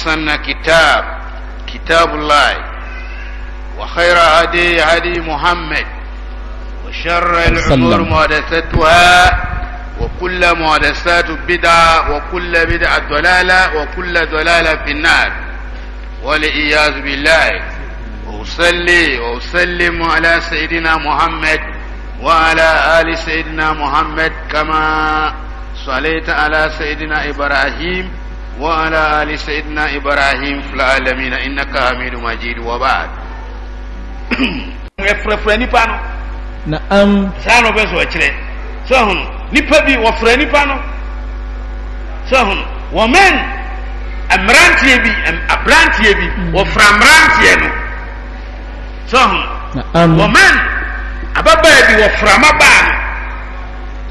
أحسن كتاب كتاب الله وخير هدي هدي محمد وشر الأمور محدثاتها وكل محدثات بدعة وكل بدعة ضلالة وكل ضلالة في النار والعياذ بالله وأصلي وأسلم على سيدنا محمد وعلى آل سيدنا محمد كما صليت على سيدنا إبراهيم وعلى آل سيدنا إبراهيم في العالمين إنك حميد مجيد وبعد yɛfrɛfrɛ nipa no naam saa na ɔbɛ so ɔkyerɛ sɛ hono nipa bi wɔfrɛ nipa no sɛ hono wɔmɛn mmeranteɛ bi aberanteɛ bi wɔfra mmeranteɛ no sɛ hono wɔmɛn ababaa bi wɔfra mabaa no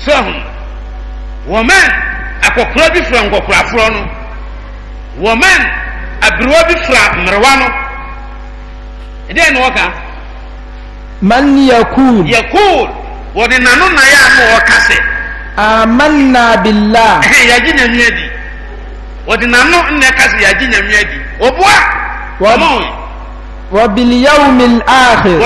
sɛ hono wɔmɛn akɔkora bi fra nkɔkorafoɔ no wɔman aberewa bi fira mmerewa no ɛdeɛ na wɔka man yakul yakul wɔde nano nayɛ a ma wɔka sɛ amanna billah yɛagye nyame adi wɔde nano nnɛ ka sɛ yɛagye nyame adi wɔboa wɔma wo وباليوم الآخر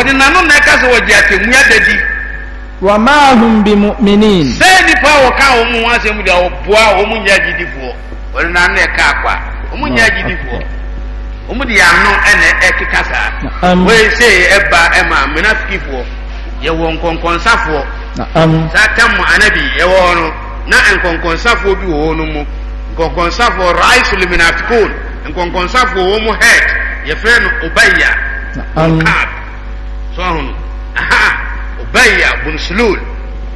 وما هم بمؤمنين سيدي فاو كاو مو واسي مو دي او بوا او مو نياجي دي فو ولنا نكا كوا ɔmo nyɛ agyidifoɔ ɔmo de ano ɛna ɛkeka saa um, wei sei ɛba ɛma menafikifoɔ yɛwɔ nkɔnkɔnsafoɔ um, saa tam anabi yɛwɔ hɔ no na nkɔnkɔnsafoɔ bi wɔ hɔ no mu nkɔnkɔnsafoɔ raisul menafikon nkɔnkɔnsafoɔ wɔ mu head yɛfrɛ no obaya um, kaab so aha obaya bunsulul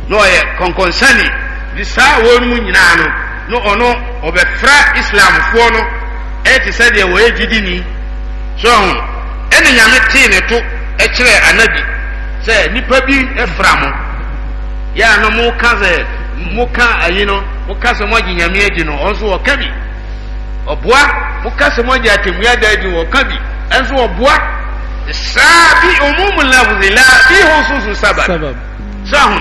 na ɔyɛ kɔnkɔnsani de saa wɔn mu nyinaa no na ɔno ɔbɛfra islamfoɔ no ɛte sɛdeɛ wɔyɛ gyidini so ho ɛne nyame tee ne to ɛkyerɛ anabi sɛ nnipa bi ɛfra mo yɛa no moka sɛ moka ayi no moka sɛ moagye nyame adi no ɔnso wɔka bi ɔboa moka sɛ moagye atammuada adi wɔka bi ɛnso ɔboa saa bi umumu lafzi la bi ho susu sabab so ho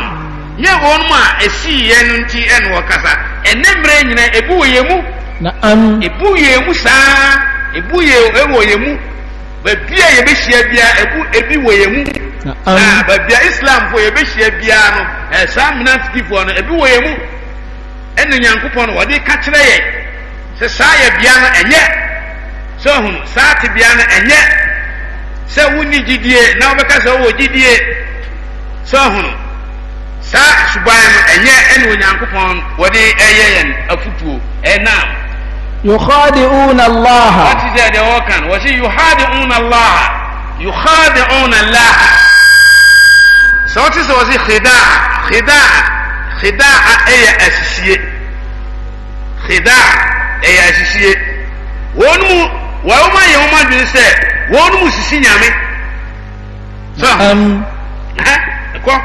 nyɛ wɔnom a ɛsii yɛ no nti ɛne wɔkasa ɛnɛ mmerɛ nyina ɛbi wɔ yɛ mu na am. ebu yɛn mu saa ebu yɛn ɛwɔ yɛn mu baabi a yɛbɛhyia bia ebu ebi wɔ yɛn mu. na am na baabi a islamfoɔ yɛbɛhyia bia no ɛsaa eh, minansikifoɔ no ebi wɔ yɛn mu ɛna nyankopɔn no wɔde kakyerɛ yɛ sɛ saa yɛ bia no ɛnyɛ sɛ ɔhun saa te bia no ɛnyɛ sɛ wunni gyidie na wɔbɛka sɛ ɔwɔ gyidie sɛ ɔhun saa suban no ɛnyɛ ɛna onyankopɔn wɔde ɛyɛ yɛn afutuo ɛnam yukhadi'una Allah. wọ́n ti dẹ̀ ẹ̀dẹ̀ wọ́n kan wọ́n sì yukhadi'una Allah yukhadi'una Allah. sọ́ọ́tì sọ́ọ́ sí xidá xidá xidá ẹ̀yà àṣìṣe xidá ẹ̀yà àṣìṣe wọ́n mu wọ́n mu ayé wọn ma dùn sẹ́ wọ́n mu sisi nyàmé. sọ́ọ́ kọ́.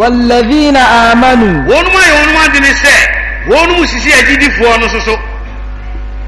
wàlladhina amanu. wọ́n mu ayé wọn ma dùn sẹ́ wọ́n mu sisi ẹ̀jídìfọ́ ọ̀nà soso.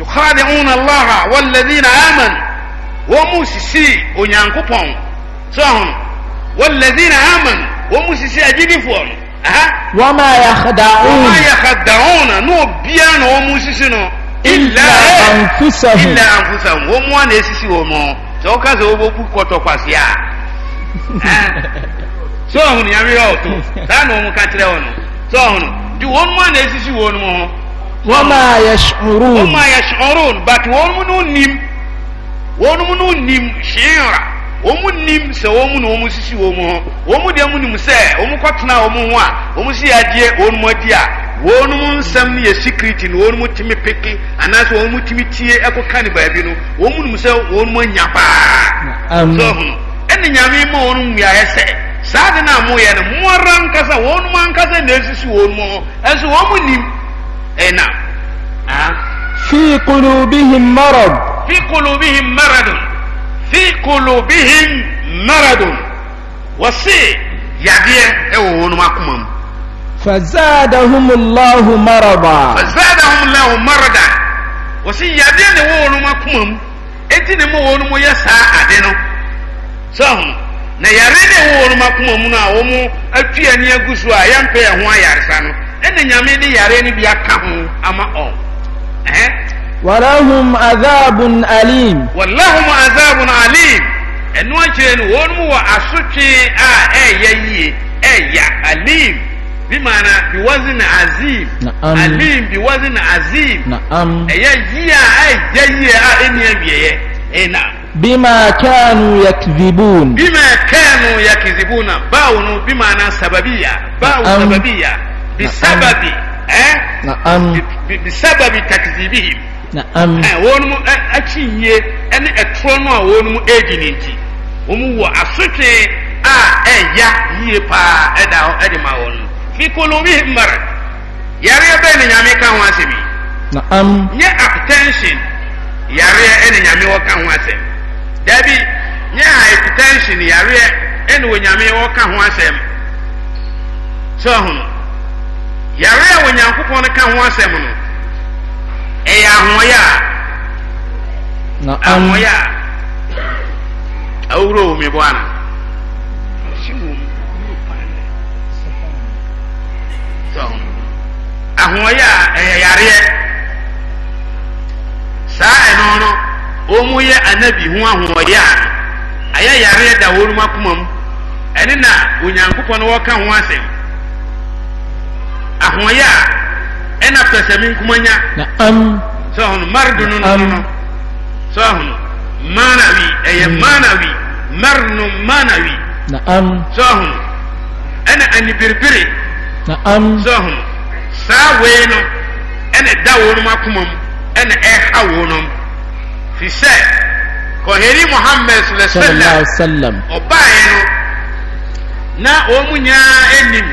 yukhadi'una allaha walladhina amanu wɔn mu sisi onyankopɔn so ahono walladhina amanu wɔn mu sisi agyidifoɔ no aha wama yakhda'un wama yakhda'un no bia na wɔn mu sisi no illa anfusahum illa anfusahum wɔn mu ana esisi wɔn mo sɛ ɔka sɛ wɔbɛbu kɔtɔ kwasi a so ahono yamiyɛ ɔtɔ saa na wɔn ka kyerɛ wɔn no so ahono di wɔn mu ana esisi wɔn mo ho. wama yash'urun wama yash'urun but wɔn mu nim wɔn mu nim shiira wɔn mu nim sɛ wɔn mu na wɔn sisi wɔn wɔn mu deɛ mu nim sɛ wɔn mu kɔtena wɔn ho a wɔn mu si adeɛ wɔn mu adi a wɔn mu nsɛm sikiriti na wɔn mu timi peke anaasɛ wɔn mu timi tie ne baabi no wɔn ẹ nà. fi kulubihim marad. fi kulubihim maradun fi kulubihim maradun wasi yadeɛ ɛwɔ wɔn mu akoma mu. fazadahumullahu marada. fazadahumullahu marada wasi yadeɛ ne wɔ wɔn mu akoma mu eti ne mu wɔn mu yɛ saa ade no sɔhun na yare ne wɔ wɔn mu akoma mu no a wɔn atwi ani agu so a yɛmpɛ ɛho ayaresa no. ɛne nyame de yare no bi aka ho ama ɔn walahum adhabun alim walahum adhabun alim ɛno akyerɛ no wɔn mu wɔ asotwe a ɛyɛ yie ɛya alim bi maana bi wazin azim alim bi wazin azim ɛyɛ yie a ɛyɛ yie a ɛni awieɛ ɛna bima kanu yakdhibun bima kanu yakdhibuna bawo no bi maana sababiya bawo sababiya بسبب ها نعم بسبب تكذيبهم ɛ wɔn mu akyinyie ɛne ɛtorɔ no a wɔn mu egi ne nti wɔn wɔ asotwe a ɛya yie paa ɛda hɔ ɛde ma wɔn fi kolobi mara yareɛ bɛyɛ ne nyame ka ho asɛm yi na'am nyɛ hypertension yareɛ ɛne nyame wɔ ka ho asɛm dabi nyɛ hypertension yareɛ ɛne wɔ nyame wɔ ka ho asɛm sɛ ɔhono yare a onyankopɔn no ka ho asɛm no ɛyɛ ahoɔyɛ a ahoɔyɛ a awuro wo mebɔ ana ahoɔyɛ a ɛyɛ yareɛ saa ɛno no ɔmu yɛ anabi ho ahoɔyɛ a ɛyɛ yareɛ da wɔnom akoma mu ɛne na onyankopɔn no wɔka ho asɛm ahoɔyɛ a ɛna pɛ sɛ me nkomanya sɛ hono mardo no no no sɛ hono manawi ɛyɛ manawi mm. marno manawi sɛ hono ɛna anibiribiri sɛ hono saa wei no ɛna da wo nom akoma mu ɛna ɛha wo nom fi sɛ kɔheri muhammad sallallahu alaihi ɔbaeɛ no na wɔn mu nyinaa anim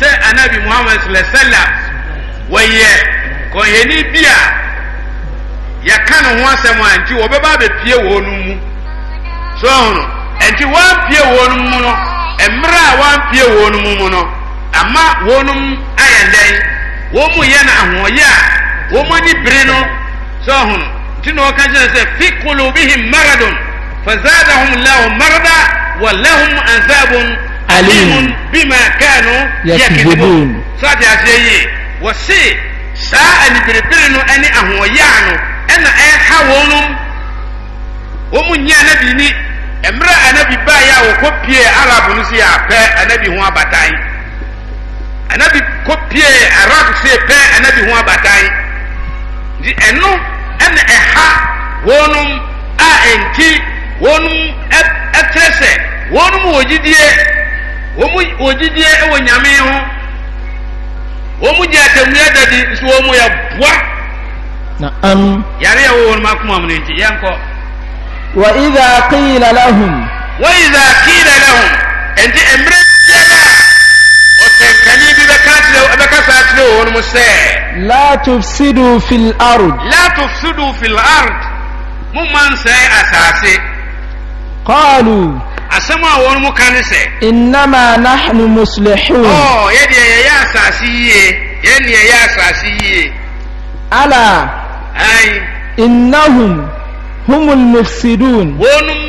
sɛ anabi muhammad sallam wɔyɛ kɔnyɛni bi a yɛka ne ho asɛm a nti wɔbɛba abɛpie wɔn no mu so ɔhono nti wɔampie wɔn no mu no mmerɛ a wɔampie wɔn no mu mu no ama wɔn no ayɛ dɛn wɔn mu yɛ no ahoɔyɛ a wɔn mu ani bere no so nti na wɔka kyerɛ sɛ fi kolobihim maradon fazadahum lahu marada wa lahum azabun alimun bima kanu yakidibun sadi ase yi wɔsi saa anibiribiri no ɛne ahoɔyaa no ɛna ɛha wɔn wɔn mu nyɛ anabi ni mmerɛ anabi baa yi a wɔkɔ pie arab no si apɛ anabi ho abatan anabi kɔ pie arab si apɛ anabi ho abatan di ɛno ɛna ɛha wɔn a ɛnti wɔn ɛtɛ sɛ wɔn wɔ gyidie wɔn wɔgyidie wɔ nyame ho wɔn gye atamua dadi nso wɔn yɛ boa na'am yare yɛ wɔ wɔn akoma mu ne nti yɛn kɔ. wa idha qila lahum. wa idha qila lahum nti mmerɛ biara ɔsɛnkani bi bɛka kyerɛ bɛka saa kyerɛ wɔn mu sɛ. la tufsidu fil ard. la tufsidu fil ard mo man sɛ asase. qalu asɛm a wɔn mu ka ne sɛ. innama nahnu muslihun. ɔɔ yɛ deɛ yɛyɛ asaase yie yɛ deɛ yɛyɛ asaase yie. ala. ayi. innahum humul mufsidun. wɔnum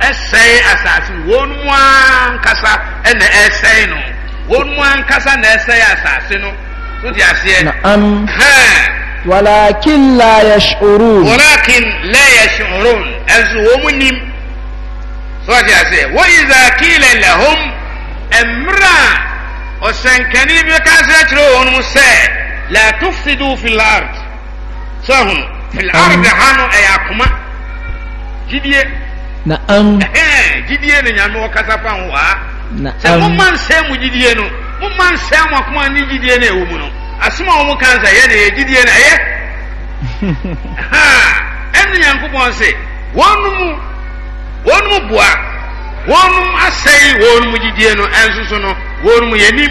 ɛsɛn asaase wɔnum ankasa ɛna ɛsɛn no wɔnum ankasa na ɛsɛn asaase no to di aseɛ. na'am. walakin la yashurun. walakin la yashurun ɛnso wɔn mu nim so ɔte aseɛ wɔ iza kiila lahum mmerɛ a ɔsɛnkani bi ka sɛ kyerɛ wɔn mu sɛ la tufsidu fi lard sɛ ho fi lard ha no ɛyɛ akoma gyidie na am gyidie ne nyame wɔkasa fa ho waa sɛ momma nsɛm mu gyidie no momma mu akoma ne gyidie no ɛwɔ mu no asom a wɔn ka nsa yɛ ne yɛ gyidie no ɛyɛ ɛne nyankopɔn se wɔn mu wɔn mu boa wɔn mu asɛe wɔn mu gyidie no ɛnso so no wɔn mu yɛnim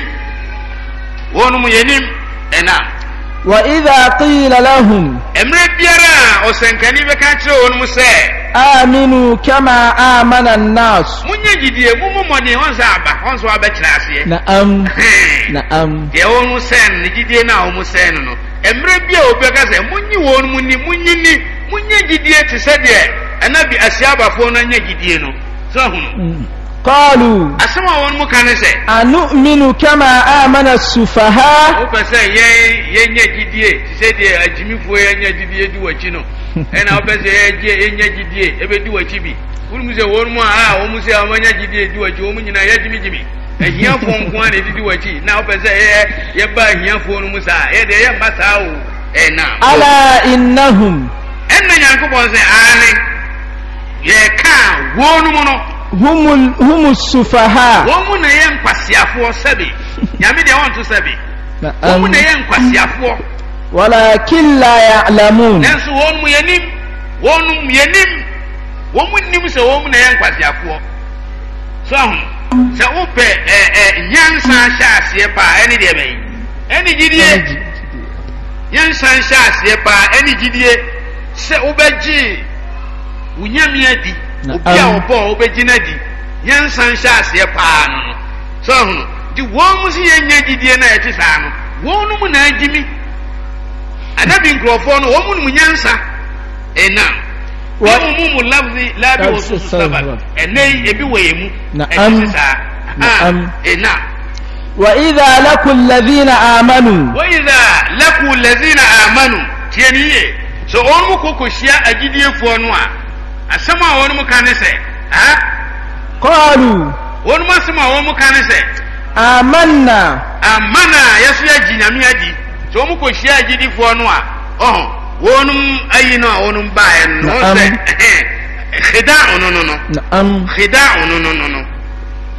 wɔn mu yɛnim ɛnam. وإذا قيل لهم أمر بيرا أسنكني بكاتر ونمسى آمنوا كما آمن الناس من يجدي مو موني هونسا أبا هونسا أبا تراسي نعم نعم يا ونمسى نجدي نا ونمسى نو أمر بيرا أبكاسي من يونمني من يني من يجدي تسدي ɛna bi asiabafoɔ no anya gyidie no mm. sɛ hunu قالوا أسمع وان مكانسة أنؤمن كما آمن السفهاء وبسا يي يي جديه تسيدي أجمي فوي يي جديه دو وچينو أنا وبسا يي يي جديه أبي دو وچي بي wọ́n mu sẹ́ mu a wọ́n mu sẹ́ ọmọ nyá jìdí èdú ọ̀kyí wọ́n mu nyina yẹ jimijimi a na èdidi wọ̀kyí náà wọ́n fẹ́ sẹ́ yẹ mu mba o ala innahum. yɛ kaa wɔn mu no. humu sufaha. wɔn mu na yɛ nkwasiafoɔ sɛbi nyame deɛ wɔn to sɛbi wɔn mu um, na yɛ nkwasiafoɔ. walakin la ya'lamun. nanso wɔn mu yɛ wɔn mu yɛ wɔn mu nim sɛ wɔn mu na yɛ nkwasiafoɔ so ahun sɛ wopɛ ɛɛ ɛ nyansa hyɛ aseɛ paa ɛne deɛ bɛyi ɛne gyidie hyɛ aseɛ paa sɛ wunyami adi obi a ɔbɔ a ɔbɛgyina di yɛn nsan hyɛ aseɛ paa no no sɛ hm, ɔhono nti wɔn mu si yɛn nyɛ gyidie na ɛte saa no wɔn no mu na agyi mi adabi nkurɔfoɔ no wɔn mu no mu nyansa ɛnam e wɔn mu mu labi labi um, wɔ so so saba ɛnɛ yi ebi wɔ yɛn mu ɛte saa ɛnam. وإذا لقوا الذين آمنوا وإذا لقوا الذين آمنوا تينيه سو أمكو كشيا أجدي فونوا asɛm a wɔn mu ka ne sɛ kɔɔlu wɔn mu asɛm a wɔn mu ka ne sɛ amanna amanna yɛso agyi nyame agyi sɛ wɔn kɔ hyia agyidifoɔ no a ɔhɔn wɔn mu oh, ayi no a wɔn mu baeɛ no wɔn sɛ xida ɔno no no xida no no no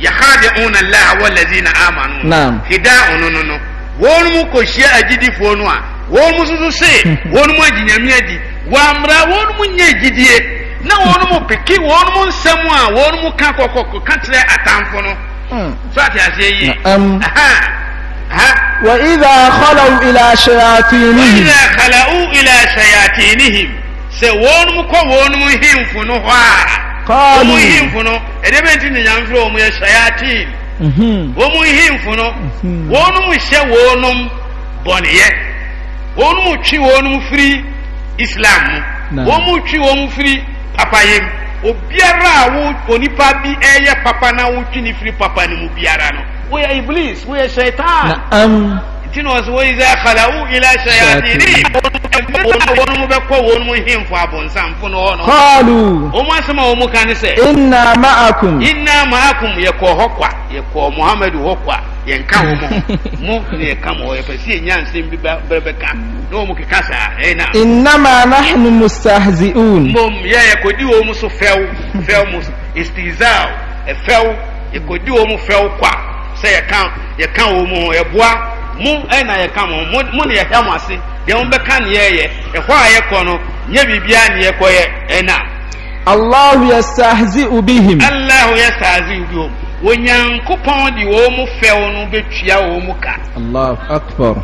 yahadi'una allah walladhina amanu xida ɔno no no wɔn mu kɔ hyia agyidifoɔ no a wɔn mu soso se wɔn mu agyi nyame agyi wɔn mu nyɛ gyidie na wɔn mu piki wɔn mu nsɛm a wɔn mu ka kɔkɔkɔ ka kyerɛ atamfo no so ate aseɛ yie وإذا خلوا إلى شياطينهم وإذا خلوا إلى شياطينهم سوون مكوون مهم فنو قالوا مهم فنو إذا نيامفرو مو شياطين ومو مهم فنو وونم شي وونم بونيه وونم تشي وونم فري إسلام وونم تشي وونم فري apayem obiara a wo onipa bi ɛyɛ papa na wotwi ne firi papa ne mu biara no woyɛ iblis woyɛ shaitan um, nti na ɔsɛ wɔyi sɛ khalawu ila shayatini wɔn mu bɛkɔ wɔn mu hemfo abonsamfo no hɔ no kɔɔlu wɔn asɛm a wɔn mu ka ne sɛ inna ma'akum inna ma'akum yɛkɔɔ hɔ kwa yɛkɔɔ muhammadu hɔ kwa yɛnka wɔ mo mo ne yɛka ma hɔ yɛpɛ sɛ yɛnya nsɛm bi bɛrɛ bɛka na wɔ mo keka saa ɛna innama nahnu mustahzi'un mom yɛ yɛkɔdi wɔ mu so fɛw fɛw mu istihzaa ɛfɛw yɛkɔdi wɔ mu fɛw kwa sɛ yɛka yɛka wɔ mu ho yɛboa mo ɛna e e yɛka mo mo ne yɛhwɛ mo ase deɛ mo bɛka ne yɛyɛ ɛhɔ e a yɛkɔ no nyɛ biribiara ne yɛkɔyɛ ɛna allahu yastahzi'u bihim allahu yastahzi'u bihim onyankopɔn de wɔn mu fɛw no betua wɔn mu ka. allah akbar.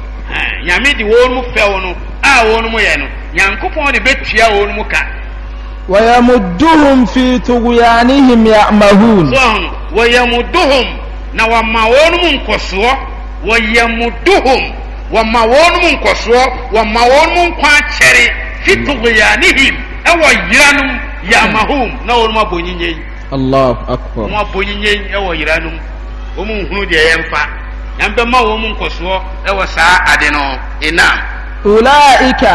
nyame de wɔn mu fɛw no a wɔn mu yɛ no nyankopɔn de betua wɔn mu ka. wɔyɛmuduhum fi tuguyanihim yamahun. sɔɔn wɔyɛmuduhum na wɔma wɔn mu nkɔsoɔ wɔyɛmuduhum wɔma wɔn mu nkɔsoɔ wɔma wɔn mu nkwa kyɛre fi mm. tuguyanihim ɛwɔ yiranom yamahun na wɔn mu abɔ nyinye yi allahu akbar wọn abɔ nyinye ɛwɔ yira no mu wɔn nhunu deɛ ɛyɛ mfa yɛn bɛ ma wɔn nkɔsoɔ ɛwɔ saa ade no ɛnam. ulaika.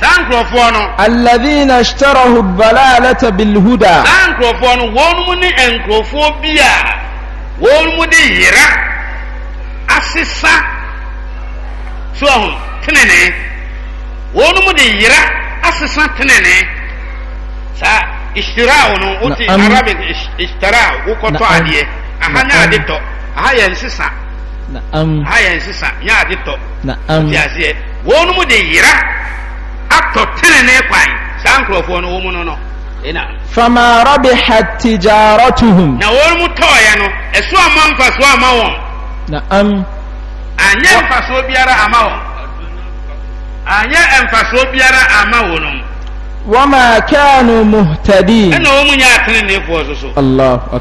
saa nkurɔfoɔ no. alladhina ishtarahu dalalata bilhuda. saa nkurɔfoɔ no wɔn mu ne nkurɔfoɔ bi wɔn mu de yira asesa so ɔho wɔn mu de yira asesa tenene saa ishtiraawo no wote arabic ishtiraa wokɔtɔ adeɛ aha nyɛ ade tɔ aha yɛ nsesa aha yɛ nsesa nyɛ ade tɔ wote aseɛ wɔn mu de yira atɔ tenenee kwan saa nkurɔfoɔ no wɔn mu no no ina. fama rabihat tijaratuhum. na wɔn mu tɔɔyɛ no ɛso ama mfaso ama wɔn. na'am. anyɛ mfaso biara ama wɔn anyɛ mfaso biara ama wɔn. وما كانوا مهتدين الله أكبر